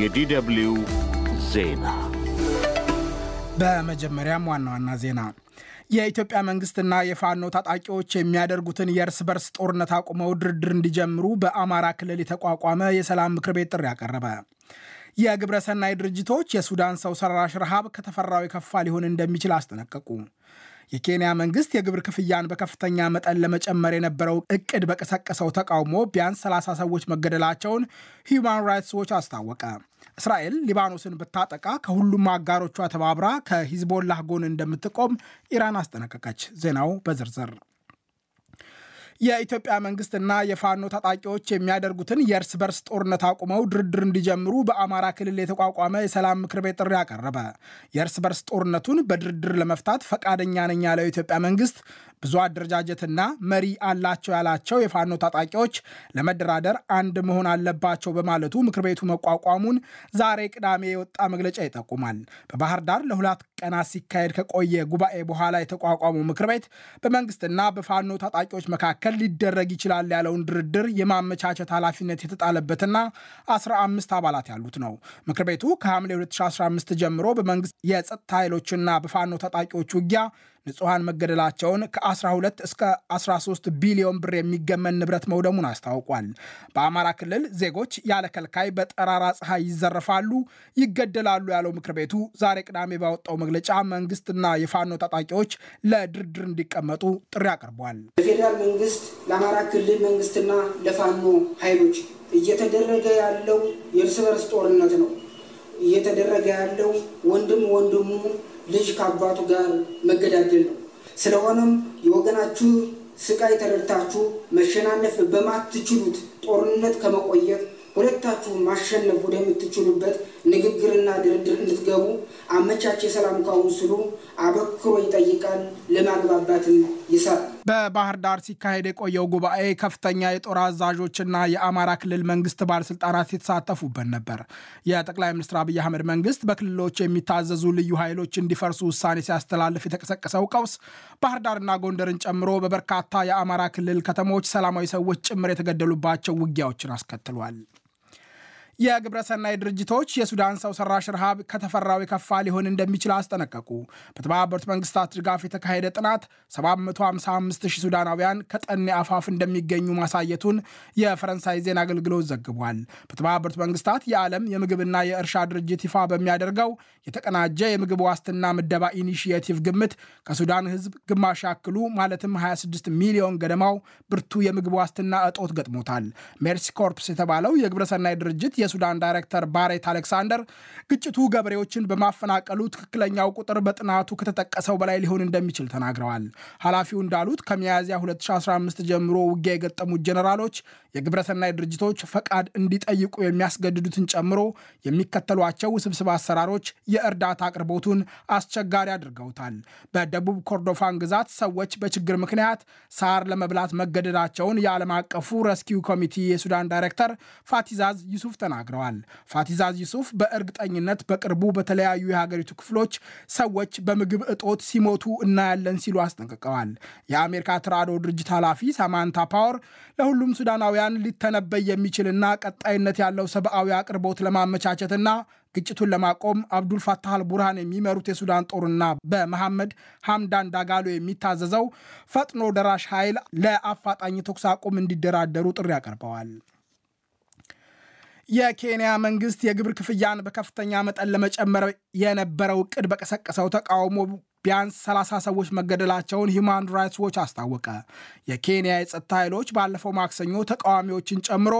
የዲደብልዩ ዜና በመጀመሪያም ዋና ዋና ዜና የኢትዮጵያ መንግስትና የፋኖ ታጣቂዎች የሚያደርጉትን የእርስ በርስ ጦርነት አቁመው ድርድር እንዲጀምሩ በአማራ ክልል የተቋቋመ የሰላም ምክር ቤት ጥሪ አቀረበ። የግብረ ሰናይ ድርጅቶች የሱዳን ሰው ሰራሽ ረሃብ ከተፈራው የከፋ ሊሆን እንደሚችል አስጠነቀቁ። የኬንያ መንግስት የግብር ክፍያን በከፍተኛ መጠን ለመጨመር የነበረው እቅድ በቀሰቀሰው ተቃውሞ ቢያንስ 30 ሰዎች መገደላቸውን ሂዩማን ራይትስ ዎች አስታወቀ። እስራኤል ሊባኖስን ብታጠቃ ከሁሉም አጋሮቿ ተባብራ ከሂዝቦላህ ጎን እንደምትቆም ኢራን አስጠነቀቀች። ዜናው በዝርዝር የኢትዮጵያ መንግስትና የፋኖ ታጣቂዎች የሚያደርጉትን የእርስ በርስ ጦርነት አቁመው ድርድር እንዲጀምሩ በአማራ ክልል የተቋቋመ የሰላም ምክር ቤት ጥሪ አቀረበ። የእርስ በርስ ጦርነቱን በድርድር ለመፍታት ፈቃደኛ ነኝ ያለው የኢትዮጵያ መንግስት ብዙ አደረጃጀትና መሪ አላቸው ያላቸው የፋኖ ታጣቂዎች ለመደራደር አንድ መሆን አለባቸው በማለቱ ምክር ቤቱ መቋቋሙን ዛሬ ቅዳሜ የወጣ መግለጫ ይጠቁማል። በባህር ዳር ለሁለት ቀናት ሲካሄድ ከቆየ ጉባኤ በኋላ የተቋቋመው ምክር ቤት በመንግስትና በፋኖ ታጣቂዎች መካከል መካከል ሊደረግ ይችላል ያለውን ድርድር የማመቻቸት ኃላፊነት የተጣለበትና 15 አባላት ያሉት ነው። ምክር ቤቱ ከሐምሌ 2015 ጀምሮ በመንግስት የጸጥታ ኃይሎችና በፋኖ ታጣቂዎች ውጊያ ንጹሐን መገደላቸውን ከ12 እስከ 13 ቢሊዮን ብር የሚገመን ንብረት መውደሙን አስታውቋል። በአማራ ክልል ዜጎች ያለ ከልካይ በጠራራ ፀሐይ ይዘረፋሉ፣ ይገደላሉ ያለው ምክር ቤቱ ዛሬ ቅዳሜ ባወጣው መግለጫ መንግስትና የፋኖ ታጣቂዎች ለድርድር እንዲቀመጡ ጥሪ አቅርቧል። ለፌዴራል መንግስት ለአማራ ክልል መንግስትና ለፋኖ ኃይሎች እየተደረገ ያለው የእርስ በርስ ጦርነት ነው። እየተደረገ ያለው ወንድም ወንድሙ ልጅ ከአባቱ ጋር መገዳደል ነው። ስለሆነም የወገናችሁ ስቃይ ተረድታችሁ መሸናነፍ በማትችሉት ጦርነት ከመቆየት ሁለታችሁ ማሸነፍ ወደምትችሉበት ንግግርና ድርድር እንድትገቡ አመቻች የሰላም ካውንስሉ አበክሮ ይጠይቃል፣ ለማግባባትም ይሰራል። በባህር ዳር ሲካሄድ የቆየው ጉባኤ ከፍተኛ የጦር አዛዦችና የአማራ ክልል መንግስት ባለስልጣናት የተሳተፉበት ነበር። የጠቅላይ ሚኒስትር አብይ አህመድ መንግስት በክልሎች የሚታዘዙ ልዩ ኃይሎች እንዲፈርሱ ውሳኔ ሲያስተላልፍ የተቀሰቀሰው ቀውስ ባህር ዳርና ጎንደርን ጨምሮ በበርካታ የአማራ ክልል ከተሞች ሰላማዊ ሰዎች ጭምር የተገደሉባቸው ውጊያዎችን አስከትሏል። የግብረሰናይ ድርጅቶች የሱዳን ሰው ሰራሽ ረሃብ ከተፈራው የከፋ ሊሆን እንደሚችል አስጠነቀቁ። በተባበሩት መንግስታት ድጋፍ የተካሄደ ጥናት 755,000 ሱዳናውያን ከጠኔ አፋፍ እንደሚገኙ ማሳየቱን የፈረንሳይ ዜና አገልግሎት ዘግቧል። በተባበሩት መንግስታት የዓለም የምግብና የእርሻ ድርጅት ይፋ በሚያደርገው የተቀናጀ የምግብ ዋስትና ምደባ ኢኒሺየቲቭ ግምት ከሱዳን ህዝብ ግማሽ ያክሉ ማለትም 26 ሚሊዮን ገደማው ብርቱ የምግብ ዋስትና እጦት ገጥሞታል። ሜርሲ ኮርፕስ የተባለው የግብረሰናይ ድርጅት የሱዳን ዳይሬክተር ባሬት አሌክሳንደር ግጭቱ ገበሬዎችን በማፈናቀሉ ትክክለኛው ቁጥር በጥናቱ ከተጠቀሰው በላይ ሊሆን እንደሚችል ተናግረዋል። ኃላፊው እንዳሉት ከሚያዝያ 2015 ጀምሮ ውጊያ የገጠሙት ጀኔራሎች የግብረሰናይ ድርጅቶች ፈቃድ እንዲጠይቁ የሚያስገድዱትን ጨምሮ የሚከተሏቸው ውስብስብ አሰራሮች የእርዳታ አቅርቦቱን አስቸጋሪ አድርገውታል። በደቡብ ኮርዶፋን ግዛት ሰዎች በችግር ምክንያት ሳር ለመብላት መገደዳቸውን የዓለም አቀፉ ረስኪው ኮሚቲ የሱዳን ዳይሬክተር ፋቲዛዝ ዩሱፍ ተናግረዋል። ተናግረዋል። ፋቲዛዝ ዩሱፍ በእርግጠኝነት በቅርቡ በተለያዩ የሀገሪቱ ክፍሎች ሰዎች በምግብ እጦት ሲሞቱ እናያለን ሲሉ አስጠንቅቀዋል። የአሜሪካ ትራዶ ድርጅት ኃላፊ ሳማንታ ፓወር ለሁሉም ሱዳናውያን ሊተነበይ የሚችልና ቀጣይነት ያለው ሰብአዊ አቅርቦት ለማመቻቸትና ግጭቱን ለማቆም አብዱል ፋታህ አልቡርሃን የሚመሩት የሱዳን ጦርና በመሐመድ ሐምዳን ዳጋሎ የሚታዘዘው ፈጥኖ ደራሽ ኃይል ለአፋጣኝ ተኩስ አቁም እንዲደራደሩ ጥሪ አቀርበዋል። የኬንያ መንግስት የግብር ክፍያን በከፍተኛ መጠን ለመጨመር የነበረው እቅድ በቀሰቀሰው ተቃውሞ ቢያንስ 30 ሰዎች መገደላቸውን ሂማን ራይትስ ዎች አስታወቀ። የኬንያ የጸጥታ ኃይሎች ባለፈው ማክሰኞ ተቃዋሚዎችን ጨምሮ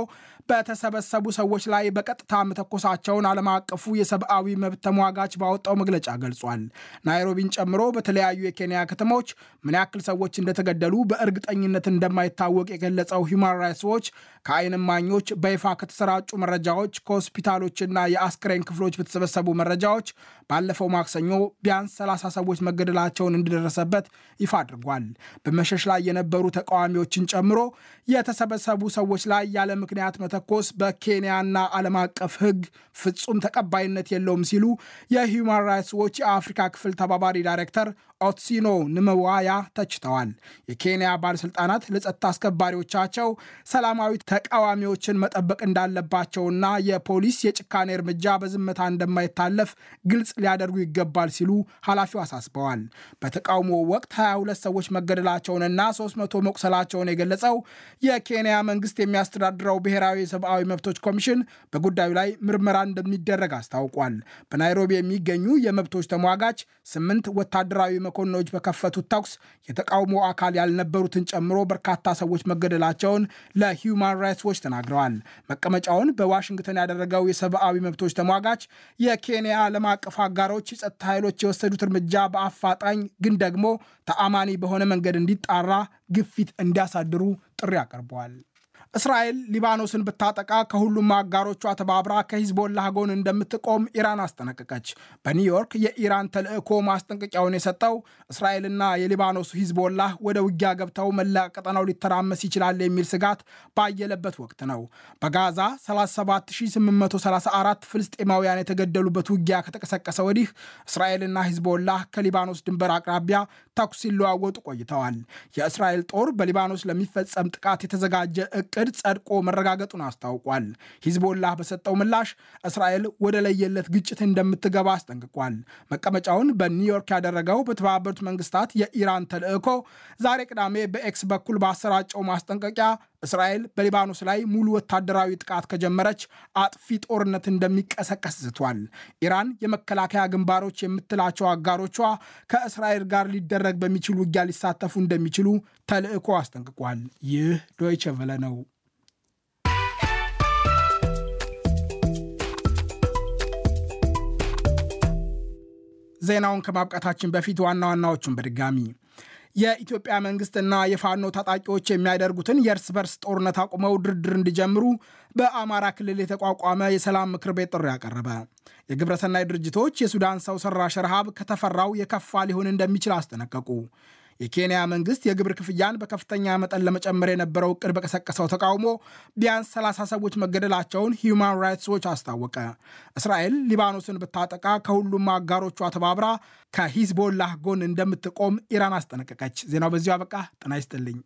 በተሰበሰቡ ሰዎች ላይ በቀጥታ መተኮሳቸውን ዓለም አቀፉ የሰብአዊ መብት ተሟጋች ባወጣው መግለጫ ገልጿል። ናይሮቢን ጨምሮ በተለያዩ የኬንያ ከተሞች ምን ያክል ሰዎች እንደተገደሉ በእርግጠኝነት እንደማይታወቅ የገለጸው ሂማን ራይትስ ዎች ከአይን እማኞች በይፋ ከተሰራጩ መረጃዎች፣ ከሆስፒታሎችና የአስክሬን ክፍሎች በተሰበሰቡ መረጃዎች ባለፈው ማክሰኞ ቢያንስ 30 ሰዎች ገደላቸውን እንደደረሰበት ይፋ አድርጓል። በመሸሽ ላይ የነበሩ ተቃዋሚዎችን ጨምሮ የተሰበሰቡ ሰዎች ላይ ያለ ምክንያት መተኮስ በኬንያና ዓለም አቀፍ ሕግ ፍጹም ተቀባይነት የለውም ሲሉ የሂውማን ራይትስ ዎች የአፍሪካ ክፍል ተባባሪ ዳይሬክተር ኦትሲኖ ንምዋያ ተችተዋል። የኬንያ ባለሥልጣናት ለጸጥታ አስከባሪዎቻቸው ሰላማዊ ተቃዋሚዎችን መጠበቅ እንዳለባቸውና የፖሊስ የጭካኔ እርምጃ በዝምታ እንደማይታለፍ ግልጽ ሊያደርጉ ይገባል ሲሉ ኃላፊው አሳስበዋል። በተቃውሞ ወቅት 22 ሰዎች መገደላቸውንና 300 መቁሰላቸውን የገለጸው የኬንያ መንግስት የሚያስተዳድረው ብሔራዊ የሰብአዊ መብቶች ኮሚሽን በጉዳዩ ላይ ምርመራ እንደሚደረግ አስታውቋል። በናይሮቢ የሚገኙ የመብቶች ተሟጋች ስምንት ወታደራዊ መኮንኖች በከፈቱት ተኩስ የተቃውሞ አካል ያልነበሩትን ጨምሮ በርካታ ሰዎች መገደላቸውን ለሂውማን ራይትስ ዎች ተናግረዋል። መቀመጫውን በዋሽንግተን ያደረገው የሰብአዊ መብቶች ተሟጋች የኬንያ ዓለም አቀፍ አጋሮች የጸጥታ ኃይሎች የወሰዱት እርምጃ በአፋጣኝ ግን ደግሞ ተአማኒ በሆነ መንገድ እንዲጣራ ግፊት እንዲያሳድሩ ጥሪ አቅርበዋል። እስራኤል ሊባኖስን ብታጠቃ ከሁሉም አጋሮቿ ተባብራ ከሂዝቦላህ ጎን እንደምትቆም ኢራን አስጠነቀቀች። በኒውዮርክ የኢራን ተልዕኮ ማስጠንቀቂያውን የሰጠው እስራኤልና የሊባኖሱ ሂዝቦላህ ወደ ውጊያ ገብተው መላ ቀጠናው ሊተራመስ ይችላል የሚል ስጋት ባየለበት ወቅት ነው። በጋዛ 37834 ፍልስጤማውያን የተገደሉበት ውጊያ ከተቀሰቀሰ ወዲህ እስራኤልና ሂዝቦላህ ከሊባኖስ ድንበር አቅራቢያ ተኩስ ሲለዋወጡ ቆይተዋል። የእስራኤል ጦር በሊባኖስ ለሚፈጸም ጥቃት የተዘጋጀ እቅድ እቅድ ጸድቆ መረጋገጡን አስታውቋል። ሂዝቦላህ በሰጠው ምላሽ እስራኤል ወደ ለየለት ግጭት እንደምትገባ አስጠንቅቋል። መቀመጫውን በኒውዮርክ ያደረገው በተባበሩት መንግስታት የኢራን ተልዕኮ ዛሬ ቅዳሜ በኤክስ በኩል ባሰራጨው ማስጠንቀቂያ እስራኤል በሊባኖስ ላይ ሙሉ ወታደራዊ ጥቃት ከጀመረች አጥፊ ጦርነት እንደሚቀሰቀስ ዝቷል። ኢራን የመከላከያ ግንባሮች የምትላቸው አጋሮቿ ከእስራኤል ጋር ሊደረግ በሚችል ውጊያ ሊሳተፉ እንደሚችሉ ተልዕኮ አስጠንቅቋል። ይህ ዶይቸ ቨለ ነው። ዜናውን ከማብቃታችን በፊት ዋና ዋናዎቹን በድጋሚ የኢትዮጵያ መንግስትና የፋኖ ታጣቂዎች የሚያደርጉትን የእርስ በርስ ጦርነት አቁመው ድርድር እንዲጀምሩ በአማራ ክልል የተቋቋመ የሰላም ምክር ቤት ጥሪ አቀረበ። የግብረሰናይ ድርጅቶች የሱዳን ሰው ሰራሽ ረሃብ ከተፈራው የከፋ ሊሆን እንደሚችል አስጠነቀቁ። የኬንያ መንግስት የግብር ክፍያን በከፍተኛ መጠን ለመጨመር የነበረው እቅድ በቀሰቀሰው ተቃውሞ ቢያንስ 30 ሰዎች መገደላቸውን ሂዩማን ራይትስ ዎች አስታወቀ። እስራኤል ሊባኖስን ብታጠቃ ከሁሉም አጋሮቿ ተባብራ ከሂዝቦላህ ጎን እንደምትቆም ኢራን አስጠነቀቀች። ዜናው በዚሁ አበቃ። ጤና ይስጥልኝ።